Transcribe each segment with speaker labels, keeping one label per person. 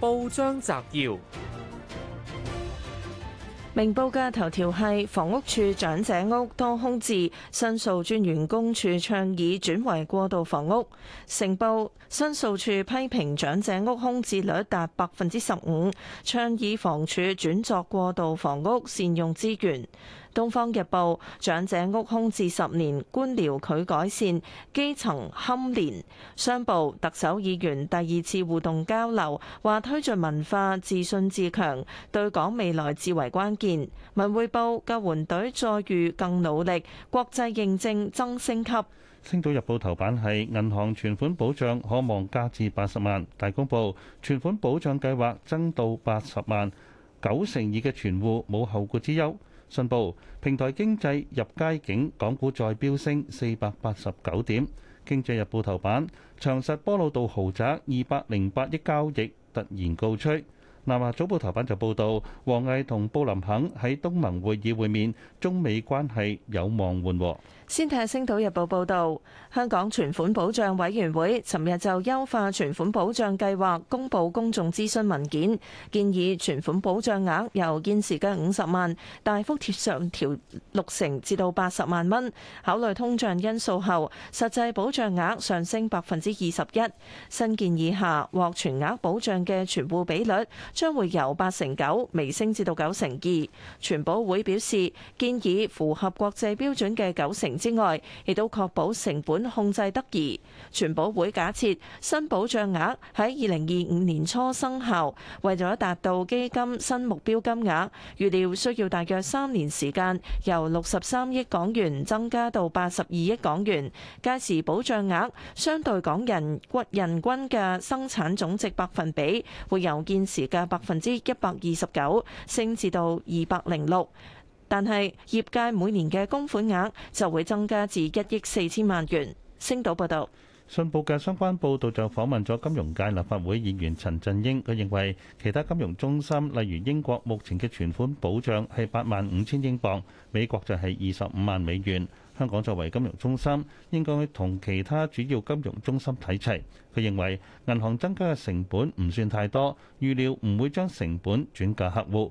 Speaker 1: 報章摘要：明報嘅頭條係房屋處長者屋多空置，申訴專員公署倡議轉為過渡房屋。成報申訴處批評長者屋空置率達百分之十五，倡議房署轉作過渡房屋，善用資源。《東方日報》長者屋空置十年，官僚拒改善，基層堪憐。商報特首議員第二次互動交流，話推進文化自信自強，對港未來至為關鍵。《文匯報》救援隊再遇更努力，國際認證增升級。
Speaker 2: 《星島日報》頭版係銀行存款保障可望加至八十萬。大公報存款保障計劃增到八十萬，九成二嘅存戶冇後顧之憂。信報平台經濟入佳境，港股再飆升四百八十九點。經濟日報頭版，長實波老道豪宅二百零八億交易突然告吹。南華早報頭版就報導，王毅同布林肯喺東盟會議會面，中美關係有望緩和。
Speaker 1: 先睇下《星島日報》報導，香港存款保障委員會尋日就優化存款保障計劃公佈公眾諮詢文件，建議存款保障額由現時嘅五十萬大幅貼上調六成至到八十萬蚊，考慮通脹因素後，實際保障額上升百分之二十一。新建議下獲全額保障嘅存戶比率將會由八成九微升至到九成二。存保會表示，建議符合國際標準嘅九成。之外，亦都確保成本控制得宜。全保會假設新保障額喺二零二五年初生效，為咗達到基金新目標金額，預料需要大約三年時間，由六十三億港元增加到八十二億港元。屆時保障額相對港人骨人均嘅生產總值百分比，會由現時嘅百分之一百二十九升至到二百零六。但係業界每年嘅供款額就會增加至一億四千萬元。星島報
Speaker 2: 道。信報嘅相關報道就訪問咗金融界立法會議員陳振英，佢認為其他金融中心例如英國目前嘅存款保障係八萬五千英鎊，美國就係二十五萬美元。香港作為金融中心，應該同其他主要金融中心睇齊，佢認為銀行增加嘅成本唔算太多，預料唔會將成本轉嫁客戶。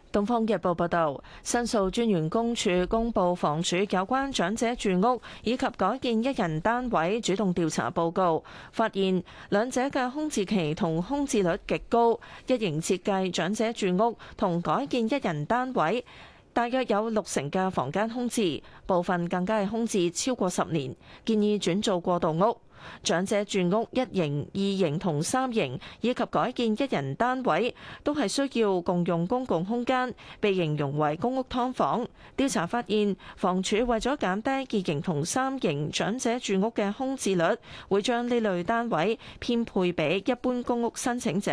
Speaker 2: 《東方
Speaker 1: 日報》報道，申訴專員公署公布房署有關長者住屋以及改建一人單位主動調查報告，發現兩者嘅空置期同空置率極高。一型設計長者住屋同改建一人單位，大約有六成嘅房間空置，部分更加係空置超過十年，建議轉做過渡屋。長者住屋一型、二型同三型，以及改建一人單位，都係需要共用公共空間，被形容為公屋劏房。調查發現，房署為咗減低二型同三型長者住屋嘅空置率，會將呢類單位編配俾一般公屋申請者。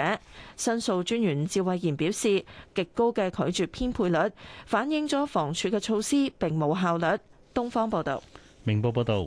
Speaker 1: 申訴專員趙慧賢表示，極高嘅拒絕編配率，反映咗房署嘅措施並冇效率。東方報道，
Speaker 2: 明報報道。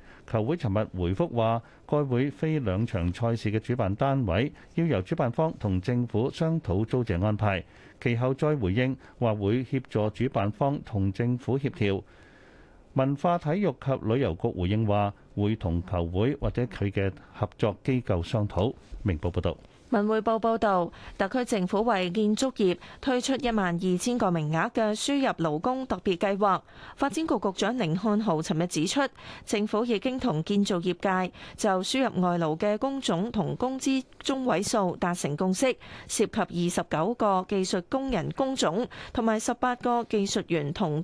Speaker 2: 球會尋日回覆話，該會非兩場賽事嘅主辦單位，要由主辦方同政府商討租借安排。其後再回應話，會協助主辦方同政府協調。文化體育及旅遊局回應話，會同球會或者佢嘅合作機構商討。明報報導。
Speaker 1: 文匯報報道，特區政府為建築業推出一萬二千個名額嘅輸入勞工特別計劃。發展局局長寧漢豪尋日指出，政府已經同建造業界就輸入外勞嘅工種同工資中位數達成共識，涉及二十九個技術工人工種同埋十八個技術員同。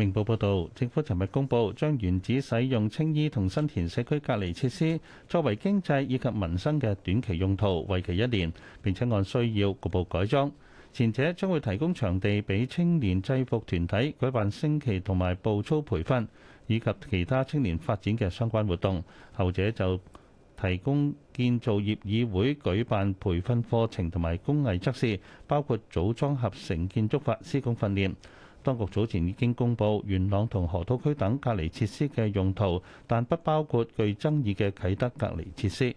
Speaker 2: 明報報導，政府尋日公佈，將原址使用青衣同新田社區隔離設施，作為經濟以及民生嘅短期用途，為期一年，並且按需要局部改裝。前者將會提供場地俾青年制服團體舉辦升旗同埋步操培訓，以及其他青年發展嘅相關活動；後者就提供建造業議會舉辦培訓課程同埋工藝測試，包括組裝合成建築法施工訓練。當局早前已經公佈元朗同河套區等隔離設施嘅用途，但不包括具爭議嘅啟德隔離設施。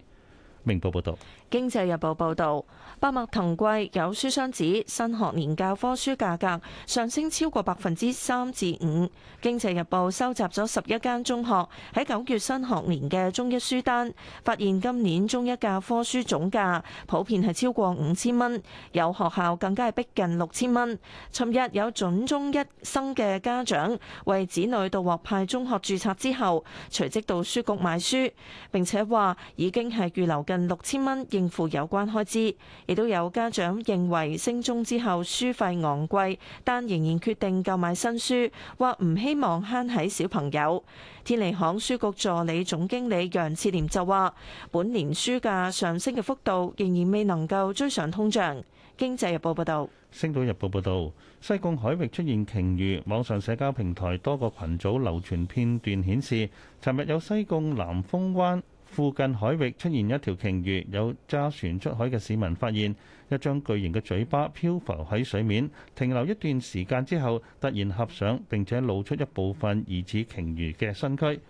Speaker 2: 明報報道。
Speaker 1: 經濟日報報導，百物騰貴，有書商指新學年教科書價格上升超過百分之三至五。經濟日報收集咗十一間中學喺九月新學年嘅中一書單，發現今年中一教科書總價普遍係超過五千蚊，有學校更加係逼近六千蚊。尋日有準中一生嘅家長為子女到獲派中學註冊之後，隨即到書局買書，並且話已經係預留近六千蚊。政府有關開支，亦都有家長認為升中之後書費昂貴，但仍然決定購買新書，或唔希望慳喺小朋友。天利行書局助理總經理楊志廉就話，本年書價上升嘅幅度仍然未能夠追上通脹。經濟日報報道。
Speaker 2: 星島日報報道，西貢海域出現鯨魚，網上社交平台多個群組流傳片段顯示，尋日有西貢南風灣。附近海域出現一條鯨魚，有揸船出海嘅市民發現一張巨型嘅嘴巴漂浮喺水面，停留一段時間之後突然合上，並且露出一部分疑似鯨魚嘅身軀。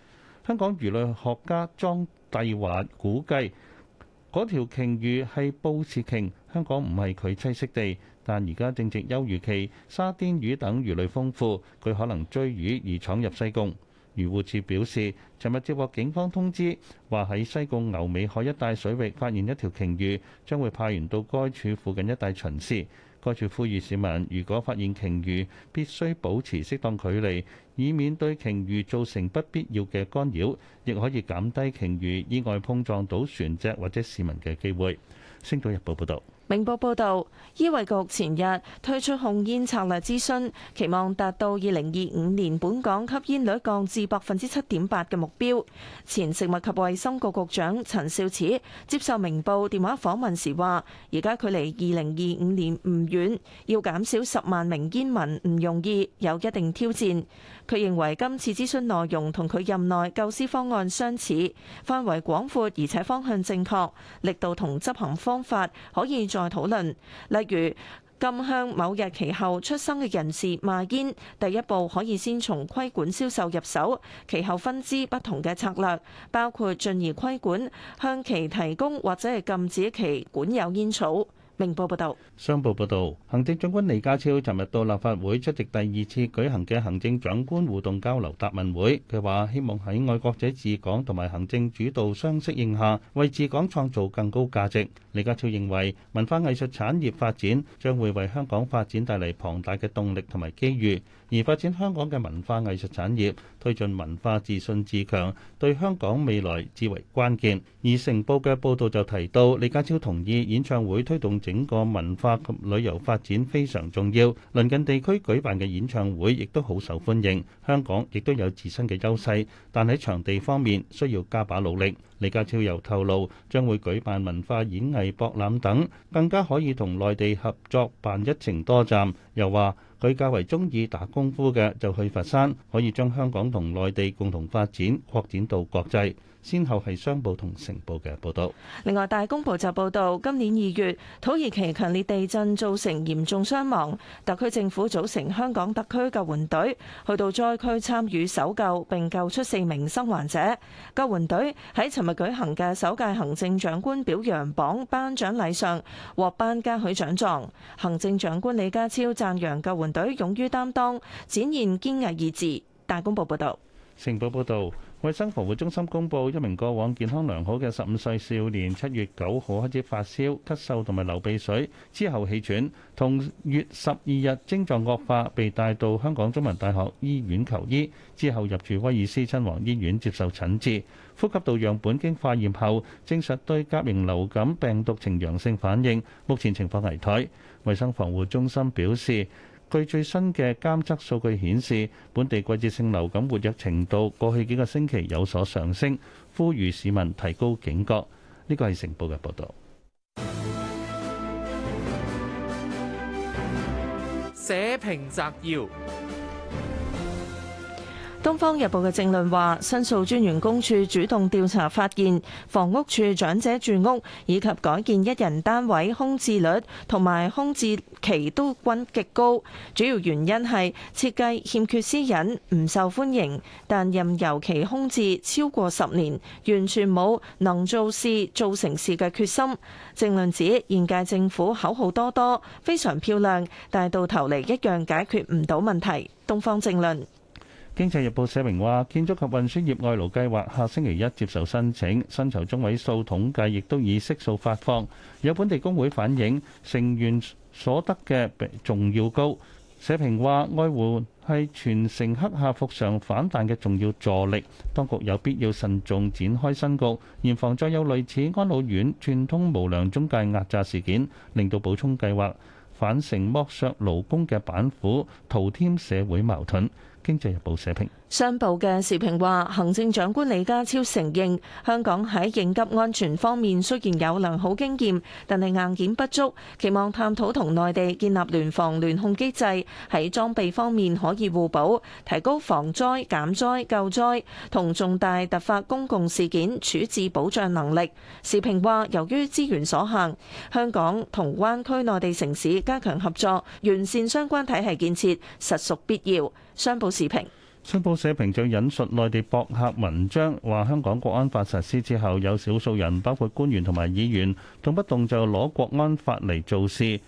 Speaker 2: 香港魚類學家莊帝華估計，嗰條鯨魚係布氏鯨，香港唔係佢棲息地，但而家正值休漁期，沙甸魚等魚類豐富，佢可能追魚而闖入西貢。漁護署表示，尋日接獲警方通知，話喺西貢牛尾海一帶水域發現一條鯨魚，將會派員到該處附近一帶巡視。該處呼籲市民，如果發現鯨魚，必須保持適當距離，以免對鯨魚造成不必要嘅干擾，亦可以減低鯨魚意外碰撞到船隻或者市民嘅機會。星島日報報道。
Speaker 1: 明報報道，醫衛局前日推出控煙策略諮詢，期望達到二零二五年本港吸煙率降至百分之七點八嘅目標。前食物及衛生局局長陳肇始接受明報電話訪問時話，而家距離二零二五年唔遠，要減少十萬名煙民唔容易，有一定挑戰。佢認為今次諮詢內容同佢任內構思方案相似，範圍廣闊而且方向正確，力度同執行方法可以再討論，例如禁向某日期後出生嘅人士賣煙。第一步可以先從規管銷售入手，其後分枝不同嘅策略，包括進而規管，向其提供或者係禁止其管有煙草。明報報
Speaker 2: 導，商報報導，行政長官李家超尋日到立法會出席第二次舉行嘅行政長官互動交流答問會。佢話：希望喺愛國者治港同埋行政主導相適應下，為治港創造更高價值。李家超認為，文化藝術產業發展將會為香港發展帶嚟龐大嘅動力同埋機遇，而發展香港嘅文化藝術產業。推進文化自信自強，對香港未來至為關鍵。而成報嘅報道就提到，李家超同意演唱會推動整個文化及旅遊發展非常重要。鄰近地區舉辦嘅演唱會亦都好受歡迎，香港亦都有自身嘅優勢，但喺場地方面需要加把努力。李家超又透露，將會舉辦文化演藝博覽等，更加可以同內地合作辦一程多站。又話：佢較為鍾意打功夫嘅，就去佛山，可以將香港同內地共同發展擴展到國際。先後係商報同成報嘅報導。
Speaker 1: 另外大公報就報導，今年二月土耳其強烈地震造成嚴重傷亡，特區政府組成香港特區救援隊，去到災區參與搜救並救出四名生還者。救援隊喺尋日舉行嘅首屆行政長官表揚榜頒頒獎禮上獲頒嘉許獎狀。行政長官李家超讚揚救援隊勇於擔當，展現堅毅意志。大公報，成報報導，
Speaker 2: 成報報導。衛生防護中心公布，一名過往健康良好嘅十五歲少年，七月九號開始發燒、咳嗽同埋流鼻水，之後氣喘，同月十二日症狀惡化，被帶到香港中文大學醫院求醫，之後入住威爾斯親王醫院接受診治。呼吸道樣本經化驗後證實對甲型流感病毒呈陽性反應，目前情況危殆。衛生防護中心表示。據最新嘅監測數據顯示，本地季節性流感活躍程度過去幾個星期有所上升，呼籲市民提高警覺。呢個係成報嘅報導。
Speaker 1: 社評摘要。《東方日報》嘅政論話，申訴專員公署主動調查發現，房屋處長者住屋以及改建一人單位空置率同埋空置期都均極高，主要原因係設計欠缺私隱，唔受歡迎。但任由其空置超過十年，完全冇能做事、做成事嘅決心。政論指現屆政府口號多多，非常漂亮，但係到頭嚟一樣解決唔到問題。《東方政論》。
Speaker 2: 經濟日報社評話，建築及運輸業外勞計劃下星期一接受申請，薪酬中位數統計亦都以悉數發放。有本地工會反映成員所得嘅重要高。社評話，外援係全城黑客服常反彈嘅重要助力，當局有必要慎重展開新局，嚴防再有類似安老院串通無良中介壓榨事件，令到補充計劃反成剝削勞工嘅板斧，徒添社會矛盾。經濟日報社評。
Speaker 1: 商報嘅時評話，行政長官李家超承認香港喺應急安全方面雖然有良好經驗，但係硬件不足，期望探討同內地建立聯防聯控機制，喺裝備方面可以互補，提高防災減災救災同重大突發公共事件處置保障能力。時評話，由於資源所限，香港同灣區內地城市加強合作，完善相關體系建設，實屬必要。商報時
Speaker 2: 評。信報社評就引述內地博客文章，話香港國安法實施之後，有少數人包括官員同埋議員，動不動就攞國安法嚟做事，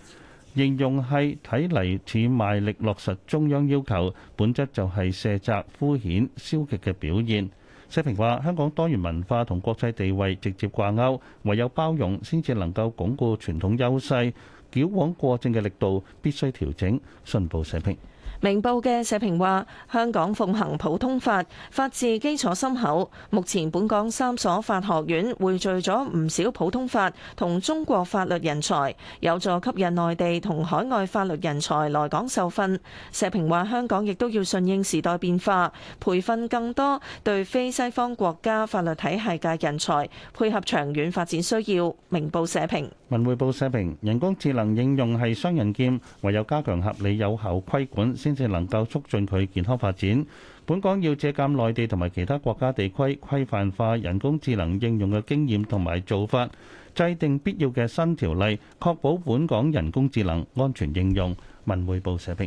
Speaker 2: 形容係睇嚟似賣力落實中央要求，本質就係卸責、敷衍、消極嘅表現。社評話，香港多元文化同國際地位直接掛鈎，唯有包容先至能夠鞏固傳統優勢，矯枉過正嘅力度必須調整。信報社評。
Speaker 1: 明報嘅社評話：香港奉行普通法，法治基礎深厚。目前本港三所法學院匯聚咗唔少普通法同中國法律人才，有助吸引內地同海外法律人才來港受訓。社評話：香港亦都要順應時代變化，培訓更多對非西方國家法律體系嘅人才，配合長遠發展需要。明報社評。
Speaker 2: 文匯報社評，人工智能應用係雙刃劍，唯有加強合理有效規管，先至能夠促進佢健康發展。本港要借鑒內地同埋其他國家地區，規範化人工智能應用嘅經驗同埋做法，制定必要嘅新條例，確保本港人工智能安全應用。文匯報社評。